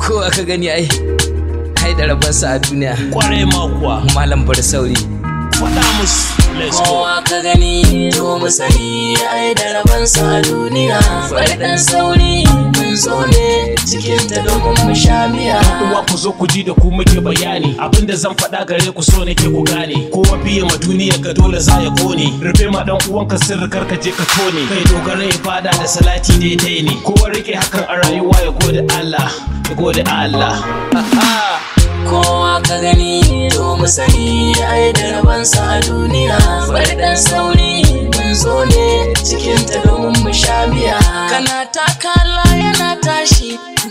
kowa ka gani ai ai da rabarsa a duniya kwarai ma kuwa malam bar sauri faɗa musu kowa ka gani to mu sani ai da rabarsa a duniya faɗin sauri mun zo ne cikin da dogon mashamiya uwa ku zo ku ji da ku muke bayani abinda zan faɗa gare ku so nake ku gane kowa biye ma duniya ka dole za ya kone rufe ma dan uwanka sirrikar ka je ka tone kai dogara ya fada da salati daidai ne kowa rike hakan a rayuwa ya gode Allah ya gode Allah kowa ka gani to mu sani ai da rabansa a duniya bari dan sauri mun zo ne cikin ta domin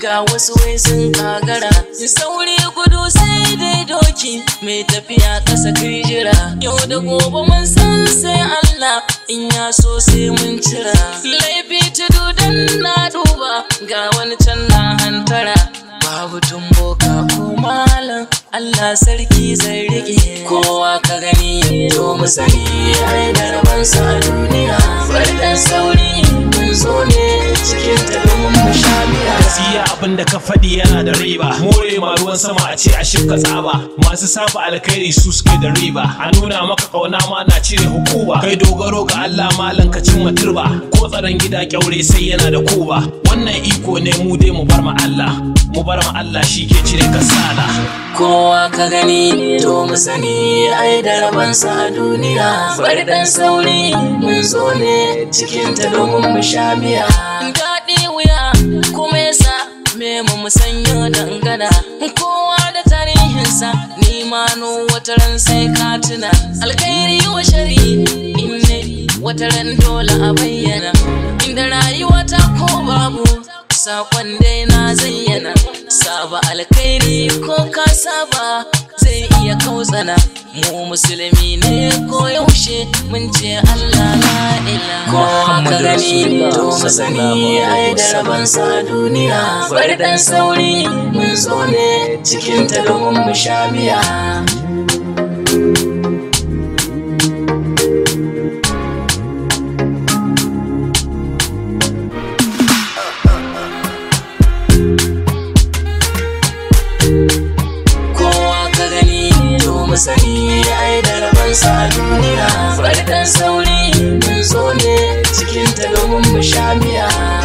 ga wasu wai sun kagara sauri gudu sai dai doki mai tafiya ƙasa kai jira yau da gobe mun san sai Allah in ya so sai mun cira laifi tudu dan na duba ga wani can na hantara babu ka ko malam Allah sarki zai rike kowa ka gani to mu sani ai darban sa abin da ka faɗi yana da riba more ma ruwan sama a ce a shifka tsaba masu safa alkhairi su suke da riba a nuna maka kauna ma na cire hukuma kai dogaro ga Allah malam ka cimma turba ko tsaron gida kyaure sai yana da kuba wannan iko ne mu dai mu bar ma Allah mu bar ma Allah shi ke cire kasala kowa ka gani to mu sani ai da rabansa sa duniya bari dan sauri mun zo ne cikin ta domin mu sha miya daɗi wuya kuma musanya dangana kowa da tarihinsa ni ma no sai katuna alkhairi wa shari inne wata ran dole a bayyana inda rayuwa ta ko babu sakon dai na zayyana saba alkhairi ko ka saba ya kauzana mu musulmi ne ko yaushe mun ce Allah la ilaha ko ka gani to masani ai da sa duniya bar dan sauri mun zo ne cikin ta domin ai da rabon sa a duniya farkan sauri mun zo ne cikin talagun mu sha miya